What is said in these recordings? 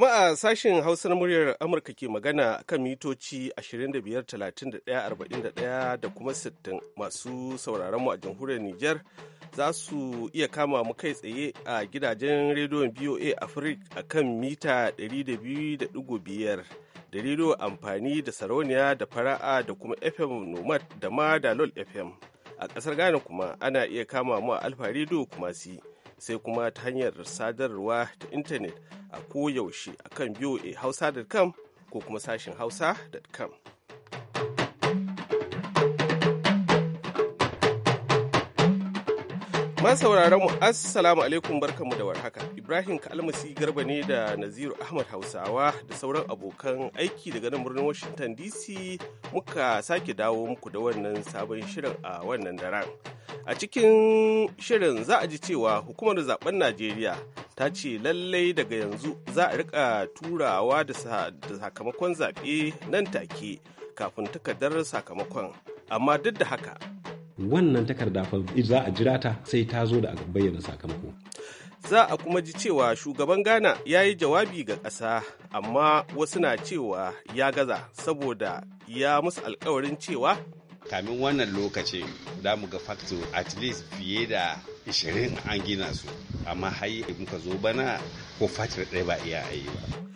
Jama'a sashen Hausa na muryar Amurka ke magana kan mitoci 25,31,41 da kuma 60 masu sauraron mu a jamhuriyar Nijar za su iya kama mu kai tsaye a gidajen rediyon BOA afirka a kan mita 200.5 da rediyo amfani da sarauniya da fara'a da kuma FM Nomad da ma Dalol FM. A kasar Ghana kuma ana iya kama mu a Alfa rediyo kuma si. sai kuma ta hanyar sadarwa ta intanet a koyaushe a kan hausa.com ko kuma sashen hausa.com. Ma sauraron mu assalamu alaikum barkanmu da warhaka. Ibrahim Kalmasi Garba ne da Naziru Ahmad Hausawa da sauran abokan aiki daga nan birnin Washington DC muka sake dawo muku da wannan sabon shirin a wannan daren. a cikin shirin za a ji cewa hukumar zaben najeriya ta ce lallai daga yanzu za a rika turawa da sakamakon zaɓe nan take kafin takardar sakamakon amma duk da haka wannan takarda fa za a jira ta sai ta zo da bayyana sakamako za a kuma ji cewa shugaban ghana ya yi jawabi ga ƙasa amma wasu na cewa ya gaza saboda ya musu alkawarin cewa kamin wannan lokaci da mu ga facto at least fiye da 20 an gina su amma har muka zo bana ko fatir ɗaya ba iya yi ba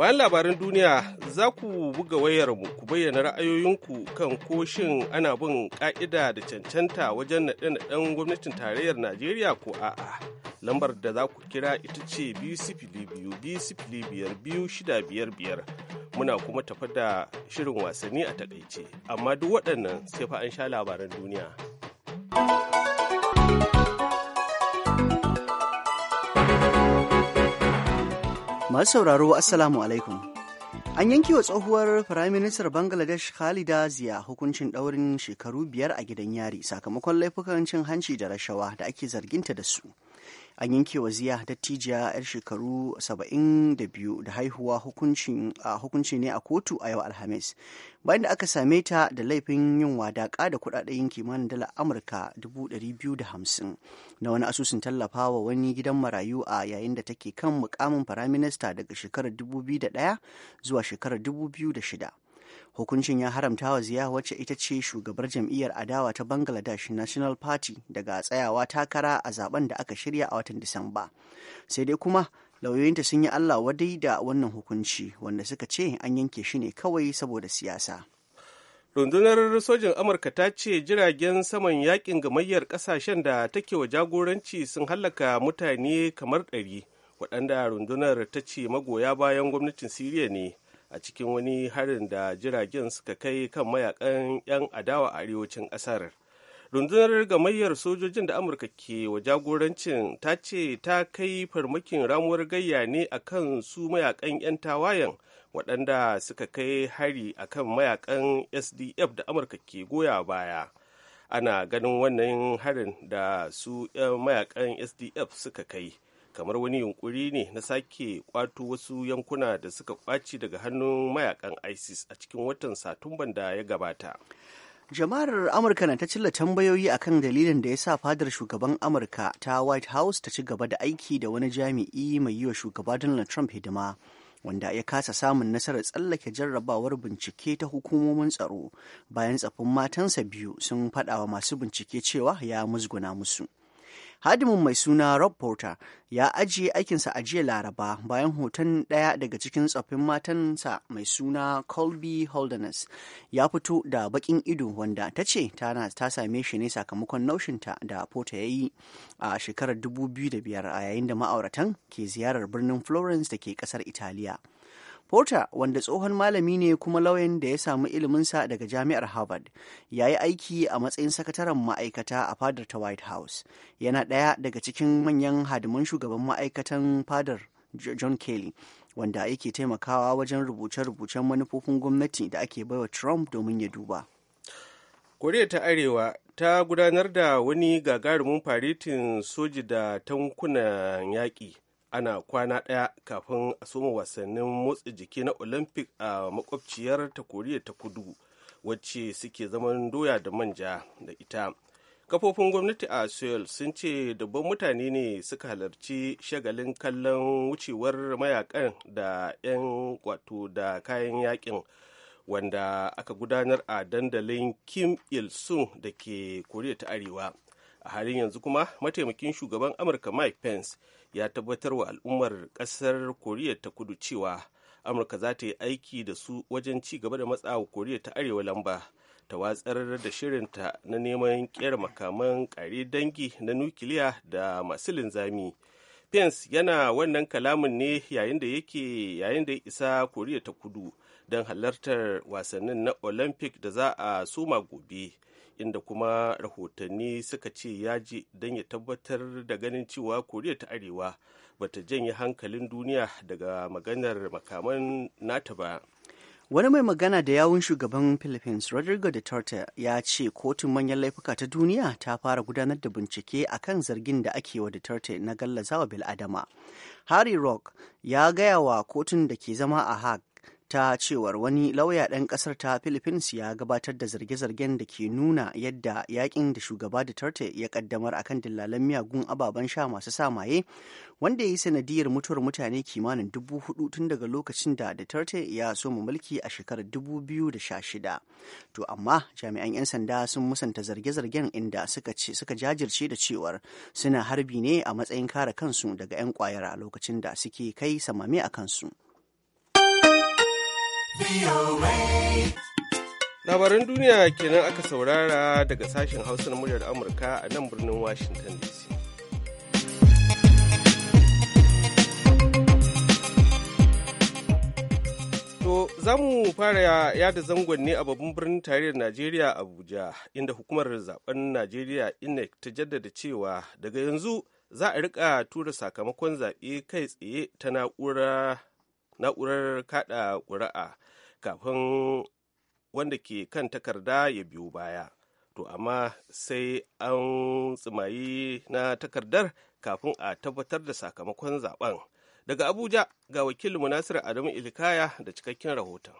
bayan labaran duniya za ku buga wayarmu ku bayyana ra'ayoyinku kan ko shin ana bin ka'ida da cancanta wajen naɗe-naɗen gwamnatin tarayyar najeriya ko a'a lambar da za ku kira ita ce biyu sifili biyu biyu sifili biyar biyu shida biyar biyar muna kuma tafa da shirin wasanni a takaice amma duk waɗannan sai fa an sha labaran duniya. Masu sauraro Assalamu alaikum. An yanke wa tsohuwar Firaministar Bangladesh Khalida Ziya hukuncin ɗaurin shekaru biyar a gidan yari sakamakon laifukan cin hanci da rashawa da ake zarginta da su. an yanke wa ziya dattijiya yar shekaru 72 da haihuwa hukunci ne a kotu a yau alhamis bayan da aka same ta da laifin yin wadaƙa da kudaden kimanin dala amurka 250 na wani asusun tallafa wa wani gidan marayu a yayin da take kan mukamin firaminista daga shekarar 2001 zuwa shekarar 2006 hukuncin ya haramta wa ziya wacce ita ce shugabar jam'iyyar adawa ta bangladesh national party daga tsayawa takara a zaben da aka shirya a watan disamba sai dai kuma lauyoyinta sun yi allah wadai da wannan hukunci wanda suka ce an yanke shi ne kawai saboda siyasa rundunar sojin amurka ta ce jiragen saman yakin gamayyar kasashen da take wa jagoranci sun hallaka mutane kamar ɗari waɗanda rundunar ta ce magoya bayan gwamnatin siriya ne a cikin wani harin da jiragen suka kai kan mayakan 'yan adawa a arewacin ƙasar rundunar gamayyar sojojin da amurka ke wa jagorancin ta ce ta kai farmakin ramuwar gayya ne a kan su mayakan 'yan tawayen waɗanda suka kai hari a kan mayakan sdf da amurka ke goya baya ana ganin wannan harin da su 'yan mayakan sdf suka kai kamar wani yunkuri ne na sake kwato wasu yankuna da suka kwaci daga hannun mayakan isis a cikin watan satumban da ya gabata jama'ar amurka na ta cilla tambayoyi akan dalilin da ya sa fadar shugaban amurka ta white house ta ci gaba da aiki da wani jami'i mai yi wa shugaba donald trump hidima wanda ya kasa samun nasarar tsallake jarrabawar bincike ta hukumomin tsaro bayan tsafin matansa biyu sun faɗawa masu bincike cewa ya musguna musu hadimin mai suna rob porter ya ajiye aikinsa a jiya laraba bayan hoton ɗaya daga cikin tsoffin matansa mai suna colby holderness ya fito da bakin ido wanda ta ce ta same shi ne sakamakon naushinta da porter ya yi a shekarar 2005 a yayin da ma'auratan ke ziyarar birnin florence da ke kasar italiya Porter wanda tsohon malami ne kuma lauyan da ya samu iliminsa daga jami'ar Harvard ya yi aiki a matsayin sakataren ma'aikata a fadar ta White House. Yana ɗaya daga cikin manyan hadiman shugaban ma'aikatan fadar John Kelly wanda yake taimakawa wajen rubuce-rubucen manufofin gwamnati da ake baiwa Trump domin ya duba. Koriya ta Arewa ta gudanar da wani gagarumin faritin soji da tankunan yaƙi. ana kwana ɗaya kafin a soma wasannin motsa jiki na olympic a makwabciyar ta koriya ta kudu wacce suke zaman doya da manja da ita kafofin gwamnati a seoul sun ce dubban mutane ne suka halarci shagalin kallon wucewar mayakan da 'yan kwato da kayan yakin wanda aka gudanar a dandalin kim il sung da ke koriya ta arewa a halin yanzu kuma mataimakin shugaban amurka mike pence ya tabbatar wa al'ummar ƙasar koriya ta kudu cewa amurka za ta yi aiki da su wajen ci gaba da matsawa koriya ta arewa lamba ta watsar da shirinta na neman kera makaman kare dangi na nukiliya da masu linzami pence yana wannan kalamin ne yayin da yake yayin da ya isa koriya ta kudu don halartar wasannin na olympic da za a soma gobe inda kuma rahotanni suka ce ya je don ya tabbatar da ganin cewa koriya ta arewa bata janye hankalin duniya daga maganar makaman nata ba wani mai magana da yawun shugaban philippines rodrigo duterte ya ce kotun manyan laifuka ta duniya ta fara gudanar da bincike a kan zargin da ake wa duterte na gallazawa bil'adama harry rock ya gaya wa kotun da ke zama a hague ta cewar wani lauya ɗan ƙasar ta philippines ya gabatar da zarge-zargen da ke nuna yadda yakin da shugaba duterte ya kaddamar akan dillalan miyagun ababen sha masu samaye wanda ya yi sanadiyar mutuwar mutane kimanin dubu hudu tun daga lokacin da duterte ya soma mulki a shekarar dubu biyu da sha shida to amma jami'an 'yan sanda sun musanta zarge-zargen inda suka, suka jajirce da cewar suna harbi ne a matsayin kare kansu daga 'yan kwayar a lokacin da suke kai samame a kansu. Labaran duniya kenan aka saurara daga sashen Hausa na muryar Amurka a nan birnin Washington DC. To, za mu fara yada zangon ne a babban birnin tarayyar Najeriya Abuja, inda hukumar zaben Najeriya INEC ta jaddada cewa daga yanzu za a rika tura sakamakon zaɓe kai tsaye ta na'urar kaɗa ƙuri'a. kafin wanda ke kan takarda ya biyo baya to amma sai an tsimayi na takardar kafin a tabbatar da sakamakon zaben daga abuja ga wakilin munasir adamu ilkaya da cikakken rahoton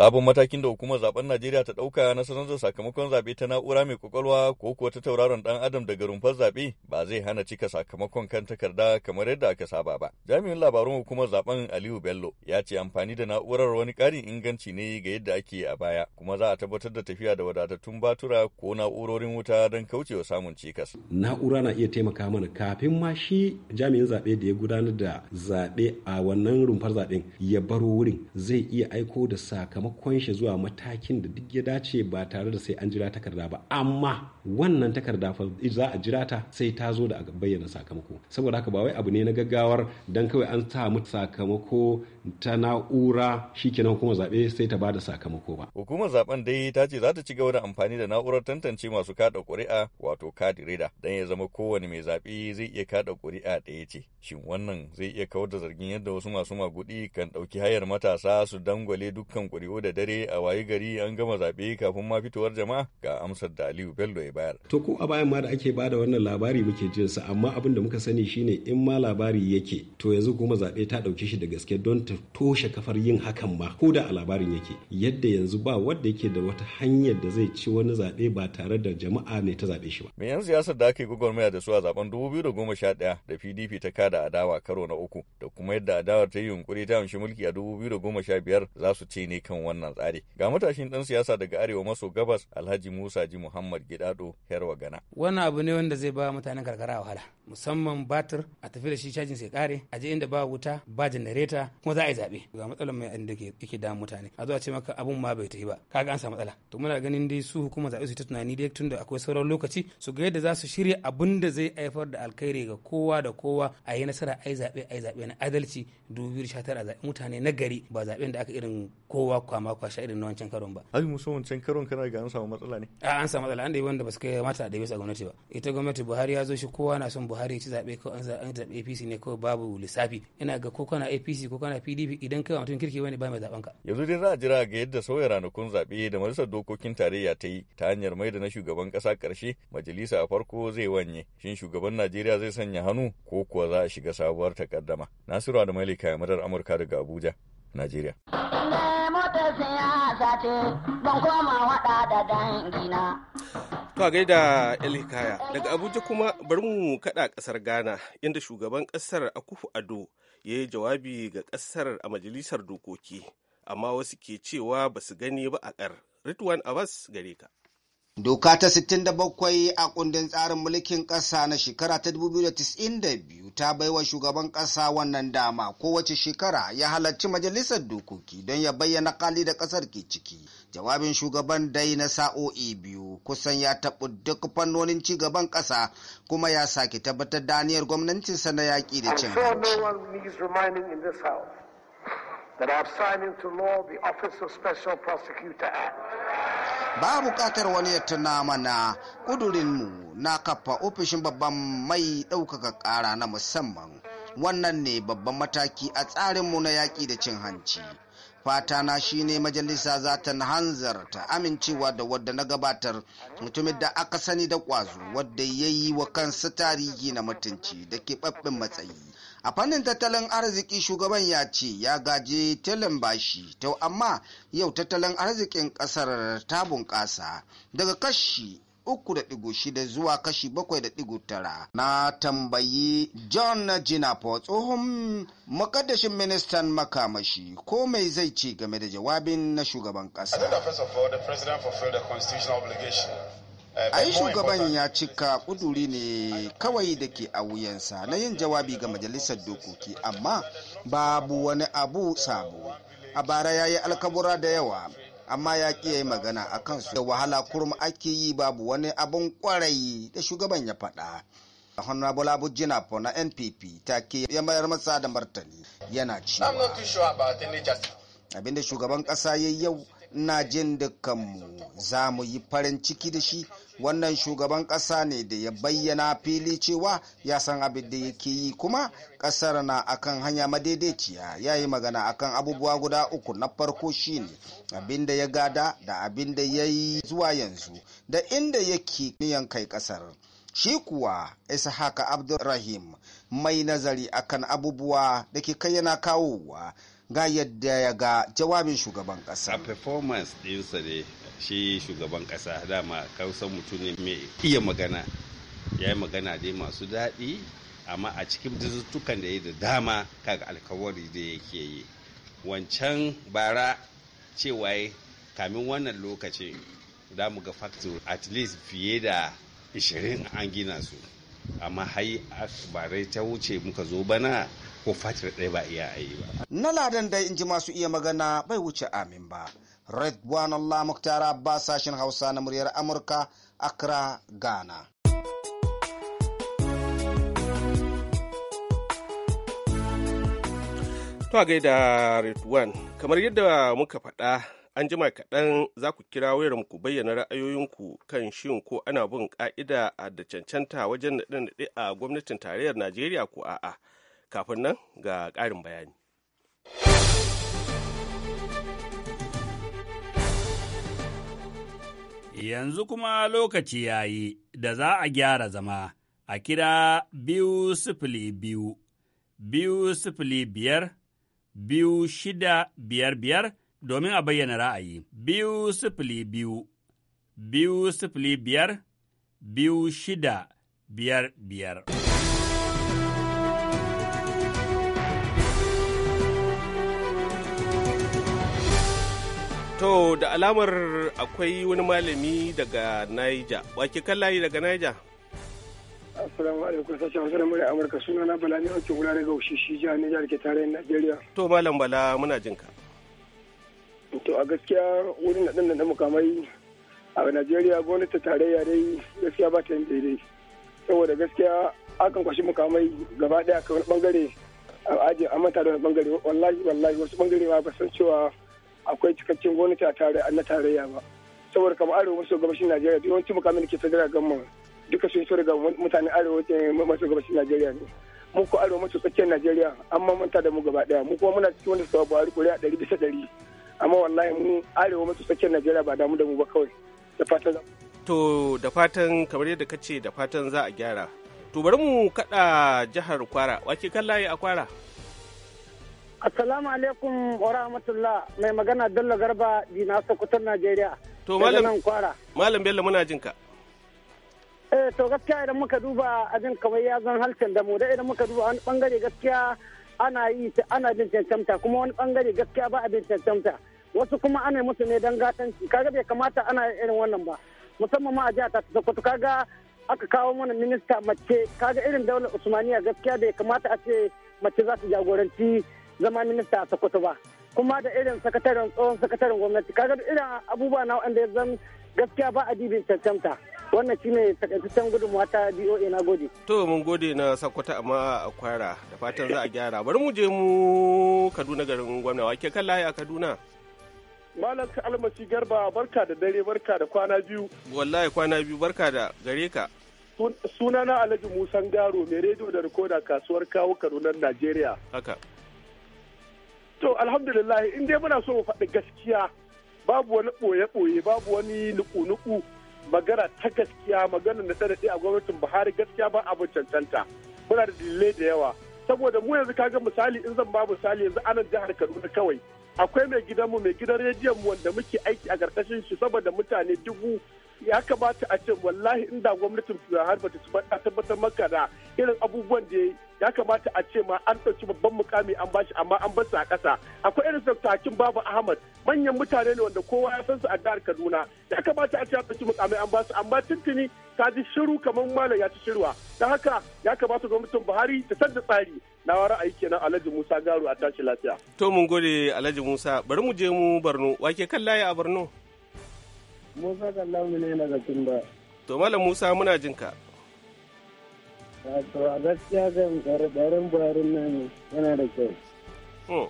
Sabon matakin da hukumar zaben Najeriya ta dauka na sanar da sakamakon zabe ta na'ura mai kwakwalwa ko kuwa ta tauraron dan adam daga rumfar zabe ba zai hana cika sakamakon kan takarda kamar yadda aka saba ba. Jami'in labarun hukumar zaben Aliyu Bello ya ce amfani da na'urar wani karin inganci ne ga yadda ake a baya kuma za a tabbatar da tafiya da wadatattun batura ko na'urorin wuta don kaucewa samun cikas. Na'ura na iya taimaka mana kafin ma shi jami'in zabe da ya gudanar da zabe a wannan rumfar zaben ya baro wurin zai iya aiko da sakamakon taimakon shi zuwa matakin da duk ya dace ba tare da sai an jira takarda ba amma wannan takarda fa za a jira ta sai ta zo da a bayyana sakamako saboda haka ba wai abu ne na gaggawar dan kawai an samu sakamako ta na'ura shi shikenan hukumar zaɓe sai ta bada sakamako ba. Hukumar zaben dai ta ce za ta ci gaba da amfani da na'urar tantance masu kada ƙuri'a wato kadi reda don ya zama kowane mai zaɓe zai iya kada ƙuri'a ɗaya ce. Shin wannan zai iya kawar da zargin yadda wasu masu maguɗi kan ɗauki hayar matasa su dangwale dukkan ƙuri'u da dare a wayi gari an gama zaɓe kafin ma fitowar jama'a ga amsar da Aliyu Bello ya bayar. To ko a bayan ma da ake bada wannan labari muke jinsa amma abin da muka sani shine in ma labari yake to yanzu kuma zaɓe ta ɗauki shi da gaske don ta toshe kafar yin hakan ba ko da a labarin yake yadda yanzu ba wanda yake da wata hanyar da zai ci wani zaɓe ba tare da jama'a ne ta zaɓe shi ba. Me yan siyasar da ake gwagwarmaya da su a zaben 2011 da PDP ta kada adawa karo na uku da kuma yadda adawar ta yi yunkuri ta amshi mulki a 2015 za su ce ne kan wannan tsari. Ga matashin ɗan siyasa daga arewa maso gabas Alhaji Musa Ji Muhammad Gidado Herwa Gana. Wani abu ne wanda zai ba mutanen karkara wahala musamman batir a tafi da shi cajin sai kare a je inda ba wuta ba janareta kuma za a yi zaɓe ga matsalar mai da yake da mutane a zuwa ce maka abun ma bai tafi ba kaga an samu matsala to muna ganin dai su hukuma zaɓe su ta tunani dai tunda akwai sauran lokaci su ga yadda za su shirya abun da zai haifar da alkhairi ga kowa da kowa a yi nasara a yi zaɓe a yi zaɓe na adalci dubu sha tara zaɓe mutane na gari ba zaɓen da aka irin kowa kwama kwasha irin na wancan karon ba. Abi musu wancan karon kana ga an samu matsala ne? A an samu matsala an dai wanda ba su kai mata da bisa gwamnati ba. Ita gwamnati Buhari ya zo shi kowa na son Buhari ya ci zaɓe ko an zaɓe APC ne ko babu lissafi. Ina ga ko kana APC ko kana pdp idan kai mutum kirki wani bai mai zaben ka yanzu dai za a jira ga yadda sauya ranakun zaɓe da majalisar dokokin tarayya ta yi ta hanyar mai da na shugaban ƙasa ƙarshe majalisa a farko zai wanye shin shugaban najeriya zai sanya hannu ko kuwa za a shiga sabuwar takaddama nasiru da malika madar amurka daga abuja najeriya To a gaida Elikaya daga Abuja kuma bari mu kaɗa ƙasar Ghana inda shugaban ƙasar Akufu Ado ya yi jawabi ga ƙasar a majalisar dokoki amma wasu ke cewa ba su gani ba a ƙar ritwan abbas gare ka Doka ta 67 a kundin tsarin mulkin ƙasa na shekara ta 2092 ta baiwa shugaban ƙasa wannan dama kowace shekara ya halarci majalisar dokoki don ya bayyana kali da ƙasar ke ciki. Jawabin shugaban dai na sa'o'i biyu kusan ya taɓu duk fannonin ci gaban ƙasa kuma ya sake tabbatar daniyar aniyar sa na yaƙi da cin hanci. That I law the Office Special Prosecutor ba buƙatar wani ya tuna mana ƙudurinmu na kafa ofishin babban mai ɗaukaka ƙara na musamman wannan ne babban mataki a tsarinmu na yaƙi da cin hanci fatana shine majalisa za ta hanzarta amincewa da wadda na gabatar mutumin da aka sani da ƙwazo wadda ya yi wa kansa tarihi na mutunci da keɓaɓɓen matsayi a fannin tattalin arziki shugaban ya ce ya gaji tilin bashi to amma yau tattalin arzikin kasar ta bunƙasa daga kashi 3.6 zuwa kashi 7.9 na tambayi john jinapo tsohon makaddashin ministan makamashi ko mai zai ce game da jawabin na shugaban kasa Eh, ai shugaban ya cika kuduri ne kawai da ke a wuyansa na yin jawabi ga majalisar dokoki amma babu wani abu sabo a bara ya yi alkabura da yawa amma ya ƙi yi magana a kansu da wahala kurum ake yi babu wani abun kwarai da shugaban ya faɗa honorable abu Jinapo na npp ta ke ya mayar masa da martani yana cewa abinda shugaban ƙasa ya yau ina jin dukkanmu za mu yi farin ciki da shi wannan shugaban ƙasa ne da ya bayyana fili cewa ya san abin da yake yi kuma ƙasar na akan hanya madaidaiciya ya yi magana akan abubuwa guda uku na farko shine abin da ya gada da abin da ya yi zuwa yanzu da inda yake niyan kai ƙasar shi kuwa ishaka abdulrahim mai nazari akan abubuwa da ke kai yana kawowa ga yadda ya ga jawabin shugaban kasa. A performance ɗinsa ne shi shugaban kasa dama kausan mutum ne mai iya magana. Ya yi magana dai masu daɗi amma a cikin dututtukan da ya da dama kaga alkawari da yake yi. Wancan bara cewa kamin wannan lokacin da mu ga factor at least fiye da 20 an gina su. amma hai barai ta wuce muka zo bana ko fatir ɗaya ba iya yi ba. Na ladan dai in ji masu iya magana bai wuce amin ba. Redwan Allah Muktara ba sashen Hausa na muryar Amurka, Accra, Ghana. To a gaida Redwan, kamar yadda muka faɗa an jima kaɗan za ku kira wayarmu ku bayyana ra'ayoyinku kan shin ko ana bin ƙa'ida da cancanta wajen naɗe-naɗe a gwamnatin tarayyar Najeriya ko a'a. kafin nan ga ƙarin bayani. Yanzu kuma lokaci ya yi da za a gyara zama a kira biyu sifili biyu, biyu sifili biyar, biyu shida biyar biyar domin a bayyana ra'ayi. Biyu sifili biyu, biyu sifili biyar, biyu shida biyar biyar. To da alamar akwai wani malami daga Naija. Wake kan layi daga Naija? Assalamu alaikum sashen wasu da Amurka suna na Bala ne ake wula daga Ushishi jihar Nijar ke tarayyar Najeriya. To Malam Bala muna jin ka. To a gaskiya wurin na ɗan mukamai a Najeriya gwamnati tarayya dai gaskiya ba ta yin daidai. Saboda gaskiya akan kwashi mukamai gaba ɗaya kawai ɓangare bangare a ajiye amanta da wani bangare wallahi wallahi wasu bangare ma ba san cewa akwai cikakken gwamnati a tare na tarayya ba saboda kamar arewa maso gabashin najeriya yawanci mukamin ke federal gama duka sun so daga mutanen arewa maso gabashin najeriya ne mu ko arewa maso tsakiyar najeriya an mamanta da mu gaba daya mu kuma muna cikin wanda suka buhari a ɗari bisa ɗari amma wallahi mu arewa maso tsakiyar najeriya ba damu da mu ba kawai da fatan to da fatan kamar yadda ka ce da fatan za a gyara to bari mu kaɗa jihar kwara wake kan layi a kwara Assalamu alaikum wa rahmatullah mai magana Bello Garba Dina Sokoton Najeriya. To malam Malam Bello muna jin ka. Eh to gaskiya idan muka duba abin kamar ya zan halcin da mu da idan muka duba wani bangare gaskiya ana yi ana bin cancanta kuma wani bangare gaskiya ba a bin cancanta. Wasu kuma ana musu ne dan gatanci kaga bai kamata ana irin wannan ba musamman ma a jihar ta Sokoto kaga aka kawo mana minista mace kaga irin daular Usmaniya gaskiya bai kamata a ce mace za su jagoranci zama minista a Sokoto ba kuma da irin sakataren tsohon sakataren gwamnati kaga irin abubuwa na wanda ya zan gaskiya ba a dibin cancanta wannan shi ne takaitaccen gudunmuwa ta DOA na gode. To mun gode na Sokoto amma a kwara da fatan za a gyara bari mu je mu Kaduna garin gwamna wake kan layi a Kaduna. Malam Almasi Garba barka da dare barka da kwana biyu. Wallahi kwana biyu barka da gare ka. Sunana Alhaji Musan Garo mai rediyo da rikoda kasuwar kawo Kaduna Najeriya. Haka. To alhamdulillah in dai muna so mu faɗi gaskiya babu wani ɓoye-ɓoye babu wani nuku-nuku magana ta gaskiya magana na daɗe a gwamnatin Buhari gaskiya ba abin cancanta muna da dalilai da yawa saboda mu yanzu kaga misali in zan ba misali yanzu anan jihar Kaduna kawai akwai mai gidanmu mai gidan rediyon mu wanda muke aiki a karkashin shi saboda mutane dubu ya kamata a ce wallahi inda gwamnatin turai har bata su tabbatar maka da irin abubuwan da ya kamata a ce ma an ɗauki babban mukami an bashi amma an bar a ƙasa akwai irin sartakin babu ahmad manyan mutane ne wanda kowa ya san su a jihar kaduna ya kamata a ce an ɗauki mukami an basu amma tuntuni ta ji shiru kamar malam ya ci shirwa don haka ya kamata gwamnatin buhari ta canza tsari na a ra'ayi kenan alhaji musa garu a tashi lafiya. to mun gode alhaji musa bari mu je mu wa wake kan layi a barno. Musa Kallamu ne daga Tumba. To Malam Musa muna jin ka. Wato ah, a gaskiya kan karɓarin buharin nan yana da kyau. Hmm.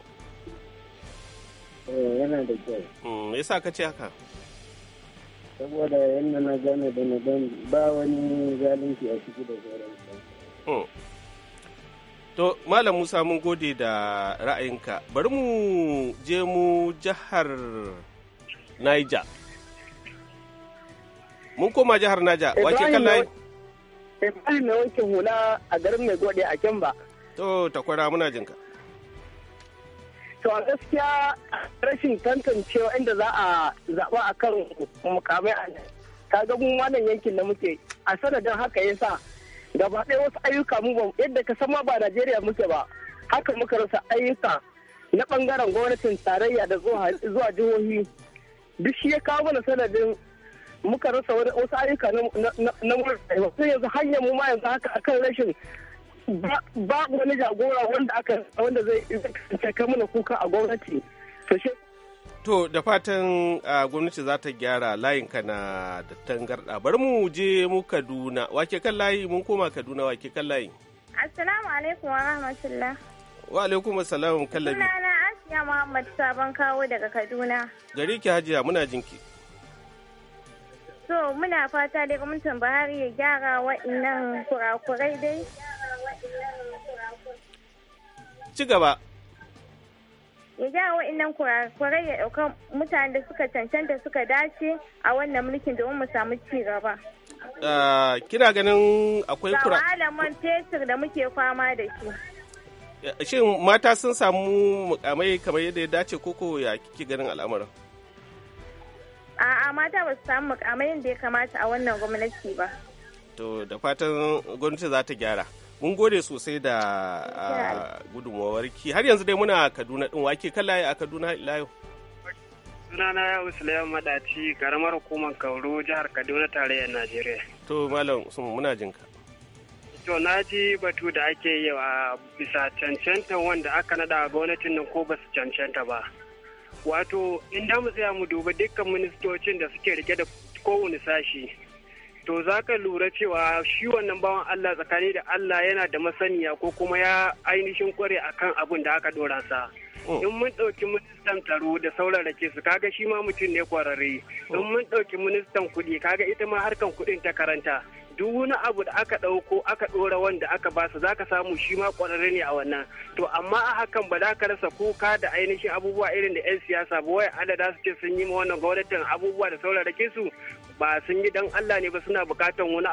Eh, yana da kyau. Hmm, ya sa ka ce haka? Saboda yadda na gane da na dan ba wani zalunci a ciki da sauransa. Hmm. To, Malam Musa mun gode da ra'ayinka. Bari mu je mu jihar Niger. Mun koma jihar Naja, wake kan Ibrahim na wanke hula a garin mai gode a Kemba. To, takwara muna jinka. To, a gaskiya rashin tantancewa inda za a zaɓa a kan mukamai a ta ga mun wannan yankin da muke a sanadin haka yasa gaba ɗaya wasu ayyuka mu ba yadda ka san ma ba Najeriya muke ba haka muka rasa ayyuka na ɓangaren gwamnatin tarayya da zuwa jihohi duk shi ya kawo mana sanadin muka rasa wasu ayyuka na rayuwa sai yanzu hanyar mu ma yanzu haka akan rashin babu wani jagora wanda aka wanda zai kai mana kuka a gwamnati to shi To da fatan gwamnati za ta gyara layin ka na dattan garda Bari mu je mu Kaduna. Wake kan layi mun koma Kaduna wake kan layi. Assalamu alaikum wa rahmatullah. Wa alaikum assalam kallabi. Sunana Asiya Muhammad Sabon Kawo daga Kaduna. Gari ki Hajiya muna jinki. So muna fata dai gwamnatin Buhari ya gyara waɗannan kurakurai dai. Ci gaba. Ya gyara waɗannan kurakurai ya ɗauka mutane da suka cancanta suka dace a wannan mulkin domin mu samu ci gaba. Ah, kina ganin akwai kura. Malaman fetur da muke fama da shi. Eh, shin mata sun samu mukamai kamar yadda ya dace koko ya kike ganin al'amarin? A'a mata ba su samu mukamai da ya kamata a wannan gwamnati ba. To da fatan gwamnati za ta gyara. Mun gode sosai da ki Har yanzu dai muna Kaduna ɗin wake kan layi a Kaduna layo. sunana ya usulayen madaci karamar hukumar kauru jihar kaduna tarayyar najeriya to malam sun muna jinka to na ji batu da ake yi a bisa cancanta wanda aka nada gwamnatin nan ko basu cancanta ba wato inda mu tsaya mu duba dukkan ministocin da suke rike da kowane sashi to za ka lura cewa shi wannan bawan Allah tsakani da Allah yana da masaniya ko kuma ya ainihin kware akan abin da aka dora sa. Oh. in mun ɗauki ministan tsaro da sauran rake su kaga shi ma mutum ne kwararre oh. in mun ɗauki ministan kuɗi kaga ita ma harkan kuɗin ta karanta duk wani abu da aka ɗauko aka ɗora wanda aka basa za ka samu shi ma ƙwararre ne a wannan to amma a hakan ba za ka rasa kuka da ainihin abubuwa irin da 'yan siyasa ba wai adada su ce sun yi ma wannan gwamnatin abubuwa da ke su ba sun yi dan Allah ne ba suna bukatan wani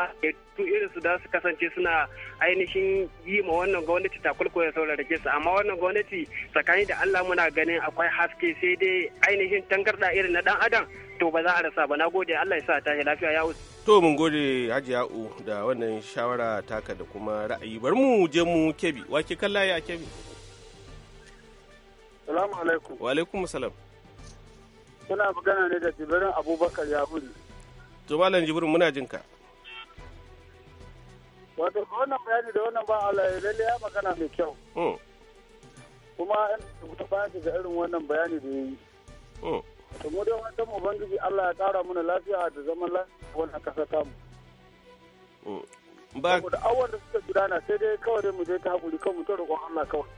abu irin su da su kasance suna ainihin yi ma wannan gwamnati takulko ya ke su amma wannan gwamnati tsakani da Allah muna ganin akwai haske sai dai ainihin tangarda irin na dan adam to ba za a rasa ba na gode Allah ya sa ta lafiya ya to mun gode Haji Ya'u da wannan shawara taka da kuma ra'ayi bari mu je mu kebi wake kalla ya kebi Salamu alaikum wa alaikum salam Kuna magana ne da Jibrin Abubakar Yahudi To malam jibirin muna jin ka Wato wannan bayani da wannan ba Allah ya lalle ya magana mai kyau hmm. kuma in ba da irin wannan bayani da yi. Hmm. to mu dai wannan ubangiji Allah ya kara mana lafiya da zaman lafiya wannan ƙasa tamu ba da awon da suka gudana sai dai kawai dai mu je ta hakuri kan mu roƙon Allah kawai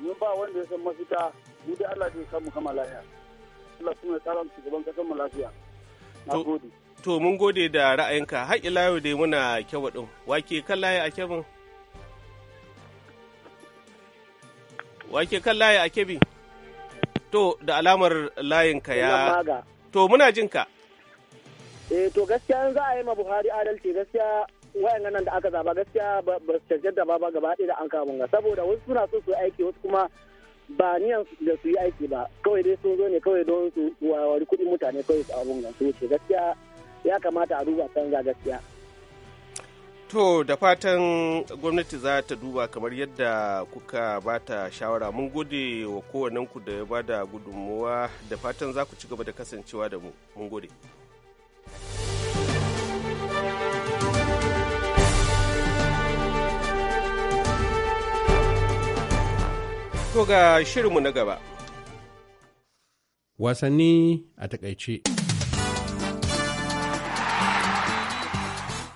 mu ba wanda ya san mafita mu dai Allah zai samu kama lafiya Allah kuma ya ƙara mu shugaban ƙasar mu lafiya na gode to mun gode da ra'ayinka har ila yau dai muna kyawa din wake kan laye a kebin wake kan laye a kebin To, da alamar layinka ya... To, muna jinka. Eh, to gaskiya za a yi ma Buhari adalci gaskiya wayan nan da aka zaba gaskiya ba su cancanta ba gaba ɗaya da an ga saboda wasu suna so su aiki wasu kuma ba niyan da su yi aiki ba kawai dai sun zo ne kawai don su wawari kuɗin mutane kawai su abun nan su wuce gaskiya ya kamata a duba canza gaskiya. To da fatan gwamnati za ta duba kamar yadda kuka bata shawara mun gode wa kowannenku da ya bada gudunmuwa da fatan za ku ci gaba da kasancewa da mu mun gode. To ga shirinmu na gaba. Wasanni a takaice.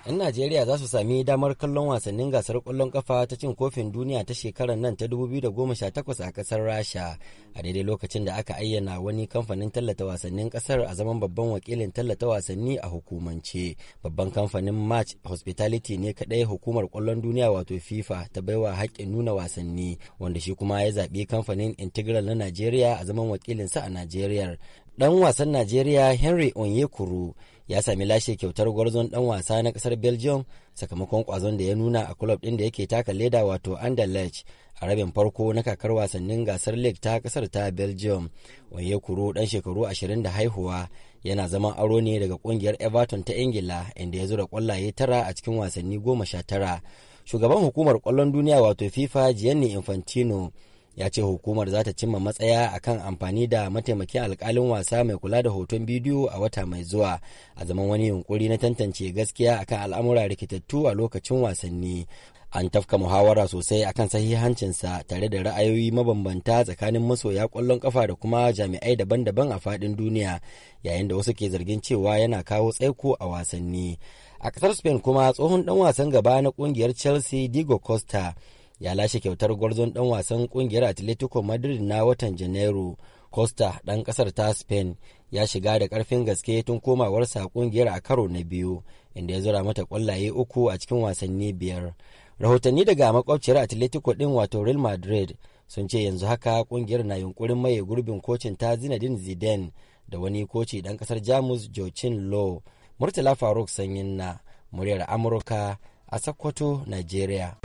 'yan najeriya za su sami damar kallon wasannin gasar kwallon kafa ta cin kofin duniya ta shekarar nan ta 2018 a kasar rasha a daidai lokacin da aka ayyana wani kamfanin tallata wasannin kasar a zaman babban wakilin tallata wasanni a hukumance babban kamfanin match hospitality ne kadai hukumar kwallon duniya wato fifa ta baiwa haƙƙin nuna wasanni wanda shi kuma ya zaɓi kamfanin integral na najeriya a zaman wakilinsa a najeriya dan wasan najeriya henry onyekuru ya sami lashe kyautar gwarzon dan wasa na kasar belgium sakamakon kwazon da ya nuna a kulob din da yake taka leda wato anderlecht a rabin farko na kakar wasannin gasar league ta kasar ta belgium waye kuro dan shekaru ashirin da haihuwa yana zama aro ne daga kungiyar everton ta ingila inda ya zura kwallaye tara a cikin wasanni goma sha tara shugaban hukumar kwallon duniya wato fifa gianni infantino ya ce hukumar za ta cimma matsaya a kan amfani da mataimakin alkalin wasa mai kula da hoton bidiyo a wata mai zuwa a zaman wani yunkuri na tantance gaskiya a kan al'amura rikitattu a lokacin wasanni an tafka muhawara sosai akan sahihancinsa tare da ra'ayoyi mabambanta tsakanin masoya kwallon kafa da kuma jami'ai daban-daban a faɗin duniya yayin da wasu ke zargin cewa yana kawo tsaiko a wasanni a ƙasar spain kuma tsohon ɗan wasan gaba na ƙungiyar chelsea diego costa ya lashe kyautar gwarzon dan wasan kungiyar atletico madrid na watan janairu costa dan kasar ta spain ya shiga da karfin gaske tun komawarsa kungiyar a karo na biyu inda ya zura mata kwallaye uku a cikin wasanni biyar rahotanni daga makwabciyar atletico din wato real madrid sun ce yanzu haka kungiyar na yunkurin maye gurbin kocin ta zinedine zidane da wani koci dan kasar jamus jocin lo murtala faruk sanyin na muryar amurka a sokoto nigeria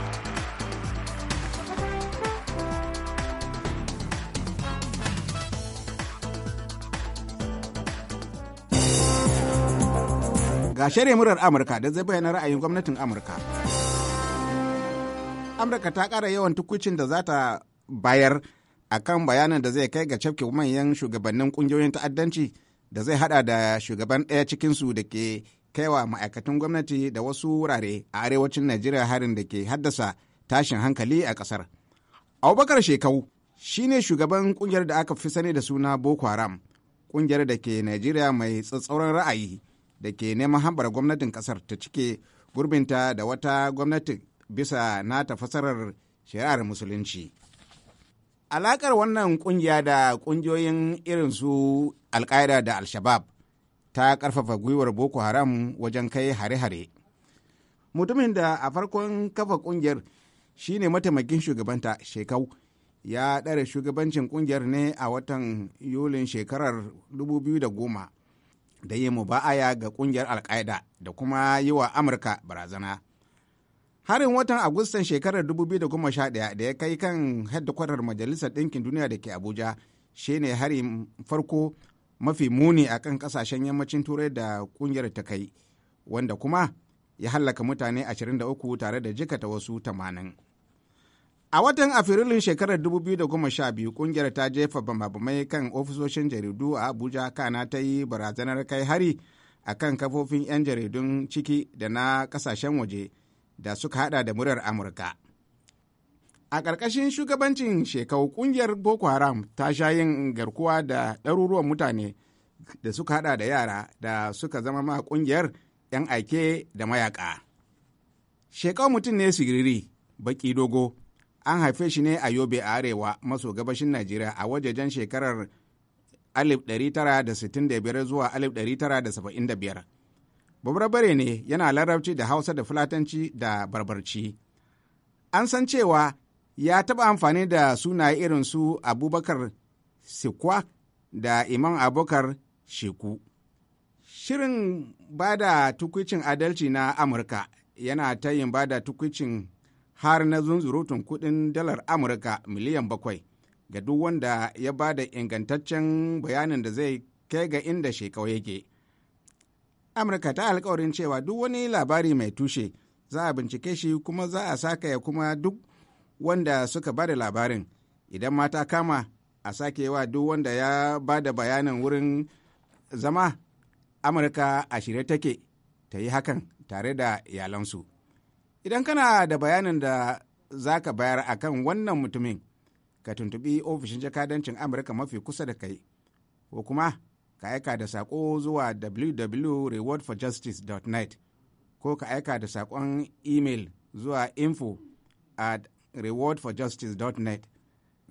Ga shirya murar Amurka da zai bayyana ra'ayin gwamnatin Amurka. Amurka ta ƙara yawan tukucin da za ta bayar a kan bayanin da zai kai ga cafke manyan shugabannin ƙungiyoyin ta'addanci da zai hada da shugaban ɗaya cikinsu da ke kaiwa ma'aikatan gwamnati da wasu wurare a arewacin Najeriya harin da ke haddasa tashin hankali a ƙasar. Abubakar Shekau shi ne shugaban ƙungiyar da aka fi sani da suna Boko Haram, ƙungiyar da ke Najeriya mai tsatsauran ra'ayi. da ke neman hambar gwamnatin ƙasar ta cike gurbinta da wata gwamnati bisa nata fasarar shari'ar musulunci alakar wannan ƙungiya da ƙungiyoyin irin su alkaida da al-shabab ta ƙarfafa gwiwar boko haram wajen kai hare-hare mutumin da a farkon kafa kungiyar shine mataimakin shugabanta shekau ya ɗare shugabancin ƙungiyar ne a watan yulin shekarar 2010 da yi muba'aya ga kungiyar alkaida da kuma yi wa amurka barazana harin watan agustan shekarar 2011 da ya kai kan hedikwatar majalisar ɗinkin duniya da ke abuja shine harin farko mafi muni a kan kasashen yammacin turai da ƙungiyar ta kai wanda kuma ya hallaka mutane 23 tare da jikata wasu 80 A watan Afrilun shekarar 2012 kungiyar ta jefa bamabamai kan ofisoshin jaridu a Abuja kana ta yi barazanar kai hari a kan kafofin 'yan jaridun ciki da na kasashen waje da suka hada da muryar Amurka. A ƙarƙashin shugabancin shekau kungiyar Boko Haram ta sha yin garkuwa da ɗaruruwan mutane da suka hada da yara da suka zama ma kungiyar 'yan aike da mayaka. Shekau mutum ne siriri, baki dogo. an haife shi ne a yobe a arewa maso gabashin najeriya a wajejen shekarar 1965 zuwa 1975 babarbare ne yana larabci da hausa da fulatanci da barbarci an san cewa ya taɓa amfani da suna irin su abubakar sikwa da Iman abubakar sheku shirin ba da tukwicin adalci na amurka yana tayin ba da tukwicin har na zunzurutun kuɗin dalar amurka miliyan bakwai ga duk wanda ya ba da ingantaccen bayanin da zai kai ga inda shekau yake amurka ta alkawarin cewa duk wani labari mai tushe za a bincike shi kuma za a saka ya kuma duk wanda suka ba da labarin idan mata kama a sake wa duk wanda ya ba da bayanin wurin zama amurka a shirye take ta yi hakan tare da iyalansu. idan kana da bayanin da za ka bayar a kan wannan mutumin ka tuntubi ofishin jakadancin amurka mafi kusa da kai ko kuma ka aika da saƙo zuwa www.rewardforjustice.net ko ka aika da saƙon email zuwa info at rewardforjustice.net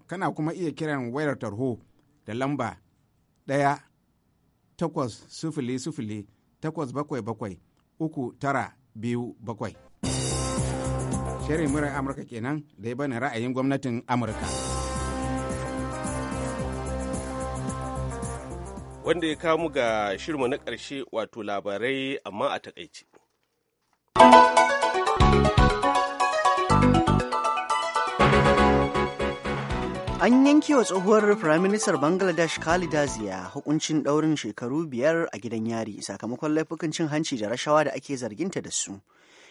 kana kuma iya kiran wayar tarho da lamba ɗaya takwas sufili sufili takwas bakwai bakwai uku biyu bakwai. Shirin murar Amurka kenan da ya bana ra'ayin gwamnatin Amurka. Wanda ya kamu ga shirma na ƙarshe wato labarai amma a takaici. An yanke wa tsohuwar Firaministar Bangladesh Khalida Ziya hukuncin ɗaurin shekaru biyar a gidan yari sakamakon laifukan cin hanci da rashawa da ake zarginta da su.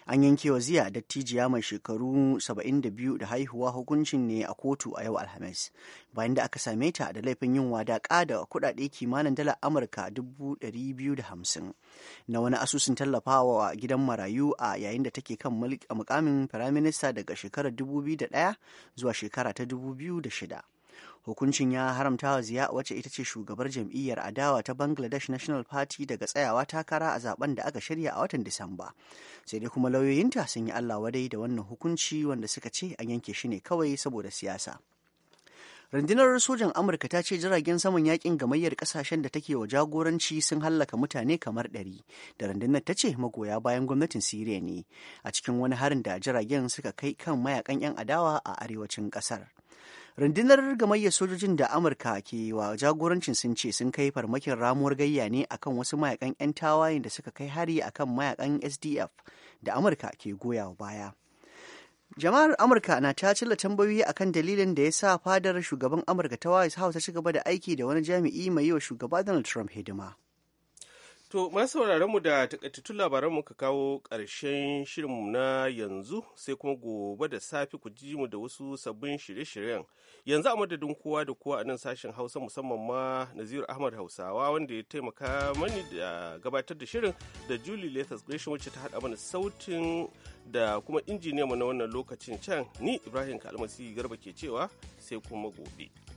an yanke wa ziya dattijiya mai shekaru 72 da haihuwa hukuncin ne a kotu a yau alhamis bayan da aka same ta da laifin yin wadaƙa da kuɗaɗe kimanin Dala amurka 250 na wani asusun tallafawa gidan marayu a yayin da take kan a mukamin firaminista daga shekarar 2001 zuwa shekara ta 2006 hukuncin ya haramta wa ziya wacce ita ce shugabar jam'iyyar adawa ta bangladesh national party daga tsayawa takara a zaben da aka shirya a watan disamba sai dai kuma lauyoyinta sun yi allah wadai da wannan hukunci wanda suka ce an yanke shi ne kawai saboda siyasa rundunar sojan amurka ta ce jiragen saman yakin gamayyar kasashen da take wa jagoranci sun hallaka mutane kamar ɗari da rundunar ta ce magoya bayan gwamnatin siriya ne a cikin wani harin da jiragen suka kai kan mayakan 'yan adawa a arewacin kasar. rundunar gamayyar sojojin da amurka ke wa jagorancin sun ce sun kai farmakin ramuwar gayya ne akan wasu mayakan 'yan tawayen da suka kai hari akan mayakan sdf da amurka ke goya baya jama'ar amurka na ta cilla tambayoyi akan dalilin da ya sa fadar shugaban amurka ta white house ta ci gaba da aiki da wani jami'i mai yi wa shugaba donald trump hidima To, masu mu da takaitattun labaran muka kawo ƙarshen shirinmu na yanzu sai kuma gobe da safe ku ji mu da wasu sabbin shirye-shiryen. Yanzu a madadin kowa da kowa a nan sashen Hausa musamman ma Naziru Ahmad Hausawa wanda ya taimaka mani da gabatar da shirin da Julie Lathas Gresham wacce ta haɗa mana sautin da kuma mu na wannan lokacin can ni Ibrahim Kalmasi Garba ke cewa sai kuma gobe.